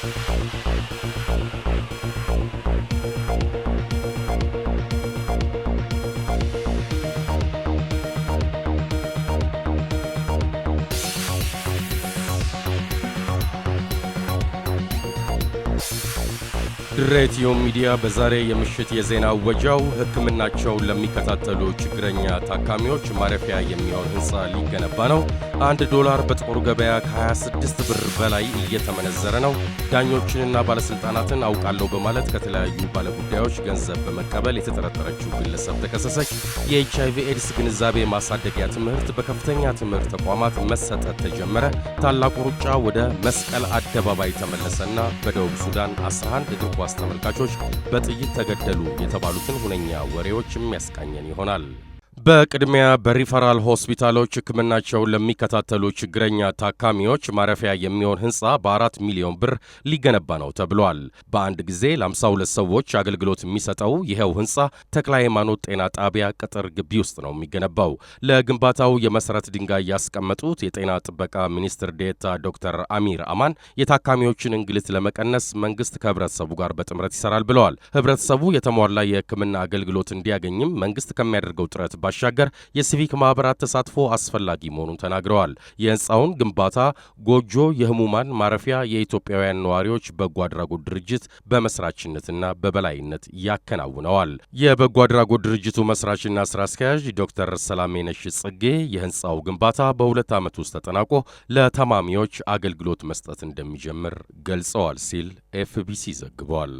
thank you ድሬትዮ ሚዲያ በዛሬ የምሽት የዜና ወጃው ሕክምናቸውን ለሚከታተሉ ችግረኛ ታካሚዎች ማረፊያ የሚሆን ህንፃ ሊገነባ ነው። አንድ ዶላር በጥቁር ገበያ ከ26 ብር በላይ እየተመነዘረ ነው። ዳኞችንና ባለሥልጣናትን አውቃለሁ በማለት ከተለያዩ ባለጉዳዮች ገንዘብ በመቀበል የተጠረጠረችው ግለሰብ ተከሰሰች። የኤች አይቪ ኤድስ ግንዛቤ ማሳደጊያ ትምህርት በከፍተኛ ትምህርት ተቋማት መሰጠት ተጀመረ። ታላቁ ሩጫ ወደ መስቀል አደባባይ ተመለሰና በደቡብ ሱዳን 11 እግር ተመልካቾች በጥይት ተገደሉ የተባሉትን ሁነኛ ወሬዎችም ያስቃኘን ይሆናል። በቅድሚያ በሪፈራል ሆስፒታሎች ሕክምናቸውን ለሚከታተሉ ችግረኛ ታካሚዎች ማረፊያ የሚሆን ህንፃ በአራት ሚሊዮን ብር ሊገነባ ነው ተብሏል። በአንድ ጊዜ ለ52 ሰዎች አገልግሎት የሚሰጠው ይኸው ህንፃ ተክለ ሃይማኖት ጤና ጣቢያ ቅጥር ግቢ ውስጥ ነው የሚገነባው። ለግንባታው የመሰረት ድንጋይ ያስቀመጡት የጤና ጥበቃ ሚኒስትር ዴታ ዶክተር አሚር አማን የታካሚዎችን እንግልት ለመቀነስ መንግስት ከህብረተሰቡ ጋር በጥምረት ይሰራል ብለዋል። ህብረተሰቡ የተሟላ የህክምና አገልግሎት እንዲያገኝም መንግስት ከሚያደርገው ጥረት ባሻገር የሲቪክ ማህበራት ተሳትፎ አስፈላጊ መሆኑን ተናግረዋል። የህንፃውን ግንባታ ጎጆ የህሙማን ማረፊያ የኢትዮጵያውያን ነዋሪዎች በጎ አድራጎት ድርጅት በመስራችነትና በበላይነት ያከናውነዋል። የበጎ አድራጎት ድርጅቱ መስራችና ስራ አስኪያጅ ዶክተር ሰላሜነሽ ጽጌ የህንፃው ግንባታ በሁለት ዓመት ውስጥ ተጠናቆ ለታማሚዎች አገልግሎት መስጠት እንደሚጀምር ገልጸዋል ሲል ኤፍቢሲ ዘግቧል።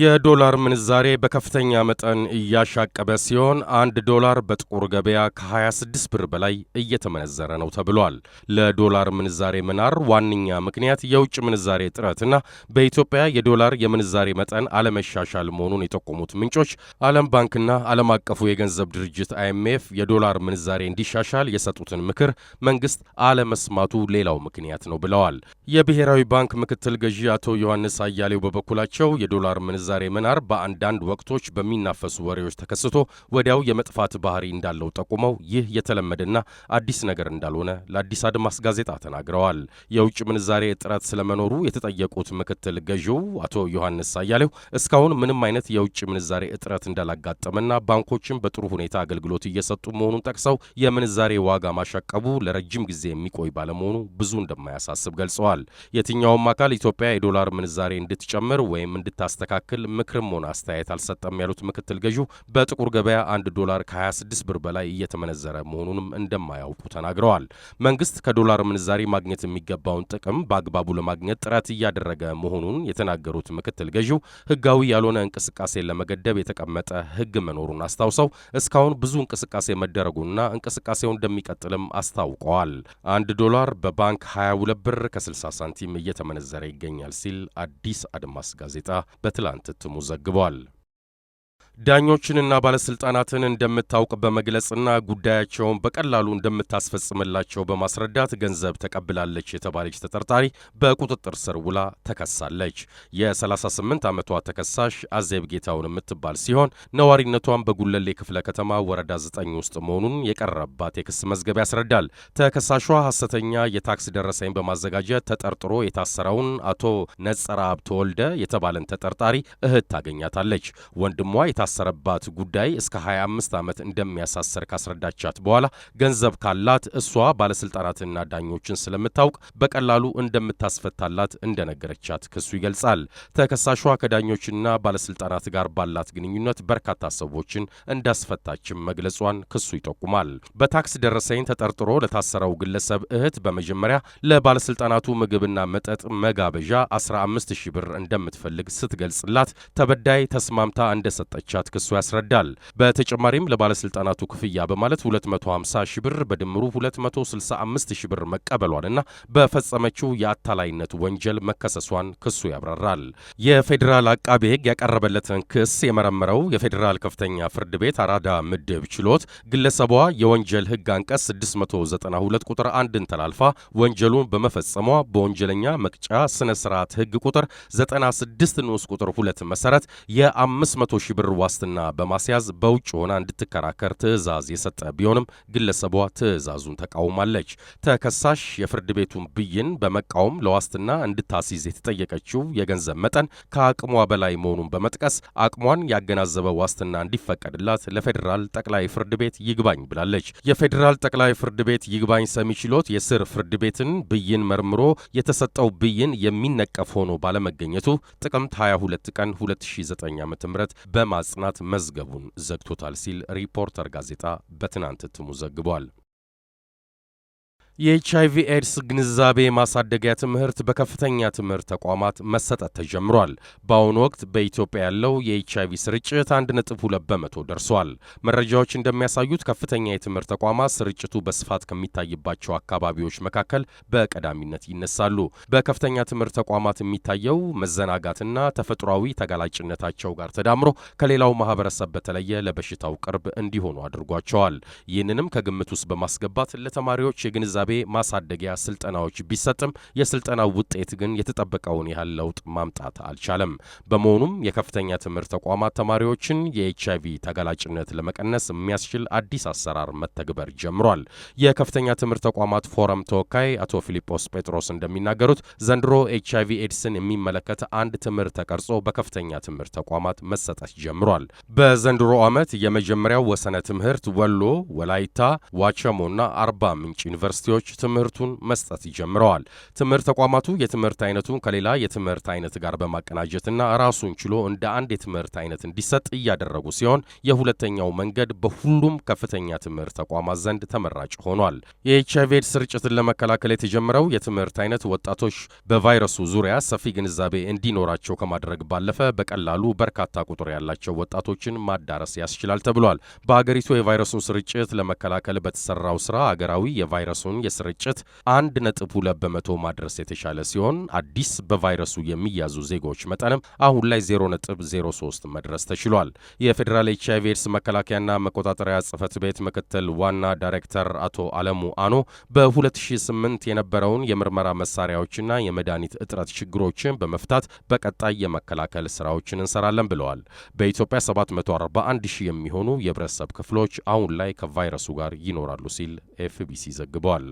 የዶላር ምንዛሬ በከፍተኛ መጠን እያሻቀበ ሲሆን አንድ ዶላር በጥቁር ገበያ ከ26 ብር በላይ እየተመነዘረ ነው ተብሏል። ለዶላር ምንዛሬ መናር ዋነኛ ምክንያት የውጭ ምንዛሬ እጥረትና በኢትዮጵያ የዶላር የምንዛሬ መጠን አለመሻሻል መሆኑን የጠቆሙት ምንጮች ዓለም ባንክና ዓለም አቀፉ የገንዘብ ድርጅት አይኤምኤፍ የዶላር ምንዛሬ እንዲሻሻል የሰጡትን ምክር መንግስት አለመስማቱ ሌላው ምክንያት ነው ብለዋል። የብሔራዊ ባንክ ምክትል ገዢ አቶ ዮሐንስ አያሌው በበኩላቸው የዶላር ምንዛሬ መናር በአንዳንድ ወቅቶች በሚናፈሱ ወሬዎች ተከስቶ ወዲያው የመጥፋት ባህሪ እንዳለው ጠቁመው ይህ የተለመደና አዲስ ነገር እንዳልሆነ ለአዲስ አድማስ ጋዜጣ ተናግረዋል። የውጭ ምንዛሬ እጥረት ስለመኖሩ የተጠየቁት ምክትል ገዢው አቶ ዮሐንስ ሳያሌው እስካሁን ምንም አይነት የውጭ ምንዛሬ እጥረት እንዳላጋጠመና ባንኮችም በጥሩ ሁኔታ አገልግሎት እየሰጡ መሆኑን ጠቅሰው የምንዛሬ ዋጋ ማሻቀቡ ለረጅም ጊዜ የሚቆይ ባለመሆኑ ብዙ እንደማያሳስብ ገልጸዋል። የትኛውም አካል ኢትዮጵያ የዶላር ምንዛሬ እንድትጨምር ወይም እንድታስተካከል ያክል ምክርም ሆነ አስተያየት አልሰጠም ያሉት ምክትል ገዢው በጥቁር ገበያ አንድ ዶላር ከ26 ብር በላይ እየተመነዘረ መሆኑንም እንደማያውቁ ተናግረዋል። መንግስት ከዶላር ምንዛሪ ማግኘት የሚገባውን ጥቅም በአግባቡ ለማግኘት ጥረት እያደረገ መሆኑን የተናገሩት ምክትል ገዢው ህጋዊ ያልሆነ እንቅስቃሴን ለመገደብ የተቀመጠ ህግ መኖሩን አስታውሰው እስካሁን ብዙ እንቅስቃሴ መደረጉና እንቅስቃሴው እንደሚቀጥልም አስታውቀዋል። አንድ ዶላር በባንክ 22 ብር ከ60 ሳንቲም እየተመነዘረ ይገኛል ሲል አዲስ አድማስ ጋዜጣ በትላንት ትትሙ ዘግቧል። ዳኞችንና ባለስልጣናትን እንደምታውቅ በመግለጽና ጉዳያቸውን በቀላሉ እንደምታስፈጽምላቸው በማስረዳት ገንዘብ ተቀብላለች የተባለች ተጠርጣሪ በቁጥጥር ስር ውላ ተከሳለች። የ38 ዓመቷ ተከሳሽ አዜብ ጌታውን የምትባል ሲሆን ነዋሪነቷን በጉለሌ ክፍለ ከተማ ወረዳ 9 ውስጥ መሆኑን የቀረባት የክስ መዝገብ ያስረዳል። ተከሳሿ ሐሰተኛ የታክስ ደረሰኝ በማዘጋጀት ተጠርጥሮ የታሰረውን አቶ ነጸረ አብ የተባለን ተጠርጣሪ እህት ታገኛታለች። ወንድሟ ለታሰረባት ጉዳይ እስከ 25 ዓመት እንደሚያሳሰር ካስረዳቻት በኋላ ገንዘብ ካላት እሷ ባለስልጣናትና ዳኞችን ስለምታውቅ በቀላሉ እንደምታስፈታላት እንደነገረቻት ክሱ ይገልጻል። ተከሳሿ ከዳኞችና ባለስልጣናት ጋር ባላት ግንኙነት በርካታ ሰዎችን እንዳስፈታችም መግለጿን ክሱ ይጠቁማል። በታክስ ደረሰኝ ተጠርጥሮ ለታሰረው ግለሰብ እህት በመጀመሪያ ለባለስልጣናቱ ምግብና መጠጥ መጋበዣ 15 ሺህ ብር እንደምትፈልግ ስትገልጽላት ተበዳይ ተስማምታ እንደሰጠቻት እንደሚሻት ክሱ ያስረዳል። በተጨማሪም ለባለስልጣናቱ ክፍያ በማለት 250 ሺ ብር በድምሩ 265 ሺ ብር መቀበሏንና በፈጸመችው የአታላይነት ወንጀል መከሰሷን ክሱ ያብራራል። የፌዴራል አቃቤ ሕግ ያቀረበለትን ክስ የመረመረው የፌዴራል ከፍተኛ ፍርድ ቤት አራዳ ምድብ ችሎት ግለሰቧ የወንጀል ሕግ አንቀጽ 692 ቁጥር አንድን ተላልፋ ወንጀሉን በመፈጸሟ በወንጀለኛ መቅጫ ስነ ስርዓት ሕግ ቁጥር 96 ንዑስ ቁጥር 2 መሰረት የ500 ብር ዋስትና በማስያዝ በውጭ ሆና እንድትከራከር ትዕዛዝ የሰጠ ቢሆንም ግለሰቧ ትዕዛዙን ተቃውማለች። ተከሳሽ የፍርድ ቤቱን ብይን በመቃወም ለዋስትና እንድታስይዝ የተጠየቀችው የገንዘብ መጠን ከአቅሟ በላይ መሆኑን በመጥቀስ አቅሟን ያገናዘበ ዋስትና እንዲፈቀድላት ለፌዴራል ጠቅላይ ፍርድ ቤት ይግባኝ ብላለች። የፌዴራል ጠቅላይ ፍርድ ቤት ይግባኝ ሰሚ ችሎት የስር ፍርድ ቤትን ብይን መርምሮ የተሰጠው ብይን የሚነቀፍ ሆኖ ባለመገኘቱ ጥቅምት 22 ቀን 2009 ዓ.ም በማጽ ጥናት መዝገቡን ዘግቶታል ሲል ሪፖርተር ጋዜጣ በትናንት እትሙ ዘግቧል። የኤችአይቪ ኤድስ ግንዛቤ ማሳደጊያ ትምህርት በከፍተኛ ትምህርት ተቋማት መሰጠት ተጀምሯል። በአሁኑ ወቅት በኢትዮጵያ ያለው የኤችአይቪ ስርጭት አንድ ሁለት በመቶ ደርሷል። መረጃዎች እንደሚያሳዩት ከፍተኛ የትምህርት ተቋማት ስርጭቱ በስፋት ከሚታይባቸው አካባቢዎች መካከል በቀዳሚነት ይነሳሉ። በከፍተኛ ትምህርት ተቋማት የሚታየው መዘናጋትና ተፈጥሯዊ ተጋላጭነታቸው ጋር ተዳምሮ ከሌላው ማህበረሰብ በተለየ ለበሽታው ቅርብ እንዲሆኑ አድርጓቸዋል። ይህንንም ከግምት ውስጥ በማስገባት ለተማሪዎች የግንዛቤ ግንዛቤ ማሳደጊያ ስልጠናዎች ቢሰጥም የስልጠናው ውጤት ግን የተጠበቀውን ያህል ለውጥ ማምጣት አልቻለም። በመሆኑም የከፍተኛ ትምህርት ተቋማት ተማሪዎችን አይቪ ተጋላጭነት ለመቀነስ የሚያስችል አዲስ አሰራር መተግበር ጀምሯል። የከፍተኛ ትምህርት ተቋማት ፎረም ተወካይ አቶ ፊሊጶስ ጴጥሮስ እንደሚናገሩት ዘንድሮ አይቪ ኤድስን የሚመለከት አንድ ትምህርት ተቀርጾ በከፍተኛ ትምህርት ተቋማት መሰጠት ጀምሯል። በዘንድሮ ዓመት የመጀመሪያው ወሰነ ትምህርት ወሎ፣ ወላይታ፣ ዋቸሞና አርባ ምንጭ ዩኒቨርሲቲዎች ተማሪዎች ትምህርቱን መስጠት ይጀምረዋል። ትምህርት ተቋማቱ የትምህርት አይነቱን ከሌላ የትምህርት አይነት ጋር በማቀናጀትና ራሱን ችሎ እንደ አንድ የትምህርት አይነት እንዲሰጥ እያደረጉ ሲሆን የሁለተኛው መንገድ በሁሉም ከፍተኛ ትምህርት ተቋማት ዘንድ ተመራጭ ሆኗል። የኤች አይቪ ኤድስ ስርጭትን ለመከላከል የተጀመረው የትምህርት አይነት ወጣቶች በቫይረሱ ዙሪያ ሰፊ ግንዛቤ እንዲኖራቸው ከማድረግ ባለፈ በቀላሉ በርካታ ቁጥር ያላቸው ወጣቶችን ማዳረስ ያስችላል ተብሏል። በአገሪቱ የቫይረሱን ስርጭት ለመከላከል በተሰራው ስራ አገራዊ የቫይረሱን የስርጭት 1.2 በመቶ ማድረስ የተቻለ ሲሆን አዲስ በቫይረሱ የሚያዙ ዜጎች መጠንም አሁን ላይ 0.03 መድረስ ተችሏል። የፌዴራል ኤች አይቪ ኤድስ መከላከያና መቆጣጠሪያ ጽህፈት ቤት ምክትል ዋና ዳይሬክተር አቶ አለሙ አኖ በ2008 የነበረውን የምርመራ መሳሪያዎችና የመድኃኒት እጥረት ችግሮችን በመፍታት በቀጣይ የመከላከል ስራዎችን እንሰራለን ብለዋል። በኢትዮጵያ 741 ሺህ የሚሆኑ የህብረተሰብ ክፍሎች አሁን ላይ ከቫይረሱ ጋር ይኖራሉ ሲል ኤፍቢሲ ዘግቧል።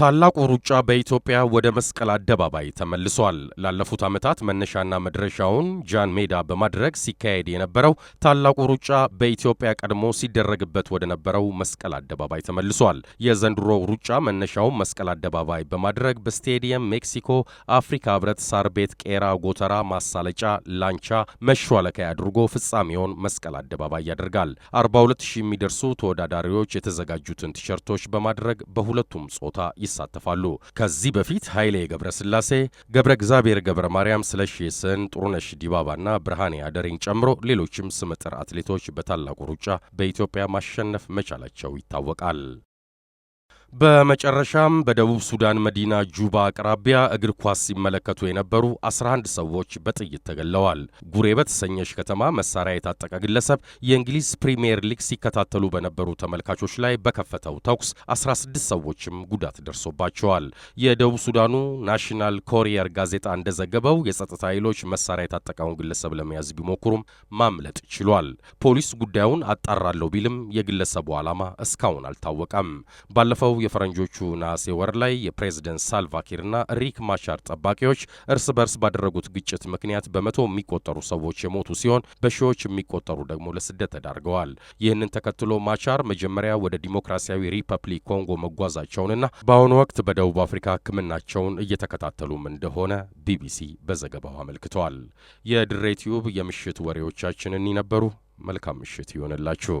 ታላቁ ሩጫ በኢትዮጵያ ወደ መስቀል አደባባይ ተመልሷል። ላለፉት ዓመታት መነሻና መድረሻውን ጃን ሜዳ በማድረግ ሲካሄድ የነበረው ታላቁ ሩጫ በኢትዮጵያ ቀድሞ ሲደረግበት ወደ ነበረው መስቀል አደባባይ ተመልሷል። የዘንድሮ ሩጫ መነሻውን መስቀል አደባባይ በማድረግ በስቴዲየም ሜክሲኮ አፍሪካ ህብረት ሳር ቤት ቄራ ጎተራ ማሳለጫ ላንቻ መሿለካይ አድርጎ ፍጻሜውን መስቀል አደባባይ ያደርጋል። 42000 የሚደርሱ ተወዳዳሪዎች የተዘጋጁትን ቲሸርቶች በማድረግ በሁለቱም ጾታ ይሳተፋሉ። ከዚህ በፊት ኃይሌ ስላሴ፣ ገብረ እግዚአብሔር ገብረ ማርያም፣ ስለሺ ስህን፣ ጥሩነሽ ዲባባና ብርሃኔ አደሬን ጨምሮ ሌሎችም ስመጥር አትሌቶች በታላቁ ሩጫ በኢትዮጵያ ማሸነፍ መቻላቸው ይታወቃል። በመጨረሻም በደቡብ ሱዳን መዲና ጁባ አቅራቢያ እግር ኳስ ሲመለከቱ የነበሩ 11 ሰዎች በጥይት ተገለዋል። ጉሬ በተሰኘች ከተማ መሳሪያ የታጠቀ ግለሰብ የእንግሊዝ ፕሪምየር ሊግ ሲከታተሉ በነበሩ ተመልካቾች ላይ በከፈተው ተኩስ 16 ሰዎችም ጉዳት ደርሶባቸዋል። የደቡብ ሱዳኑ ናሽናል ኮሪየር ጋዜጣ እንደዘገበው የጸጥታ ኃይሎች መሳሪያ የታጠቀውን ግለሰብ ለመያዝ ቢሞክሩም ማምለጥ ችሏል። ፖሊስ ጉዳዩን አጣራለሁ ቢልም የግለሰቡ ዓላማ እስካሁን አልታወቀም። ባለፈው የፈረንጆቹ ነሐሴ ወር ላይ የፕሬዝደንት ሳልቫኪርና ሪክ ማቻር ጠባቂዎች እርስ በርስ ባደረጉት ግጭት ምክንያት በመቶ የሚቆጠሩ ሰዎች የሞቱ ሲሆን በሺዎች የሚቆጠሩ ደግሞ ለስደት ተዳርገዋል። ይህንን ተከትሎ ማቻር መጀመሪያ ወደ ዲሞክራሲያዊ ሪፐብሊክ ኮንጎ መጓዛቸውንና በአሁኑ ወቅት በደቡብ አፍሪካ ሕክምናቸውን እየተከታተሉም እንደሆነ ቢቢሲ በዘገባው አመልክተዋል። የድሬ ቲዩብ የምሽት ወሬዎቻችንን ይነበሩ። መልካም ምሽት ይሆንላችሁ።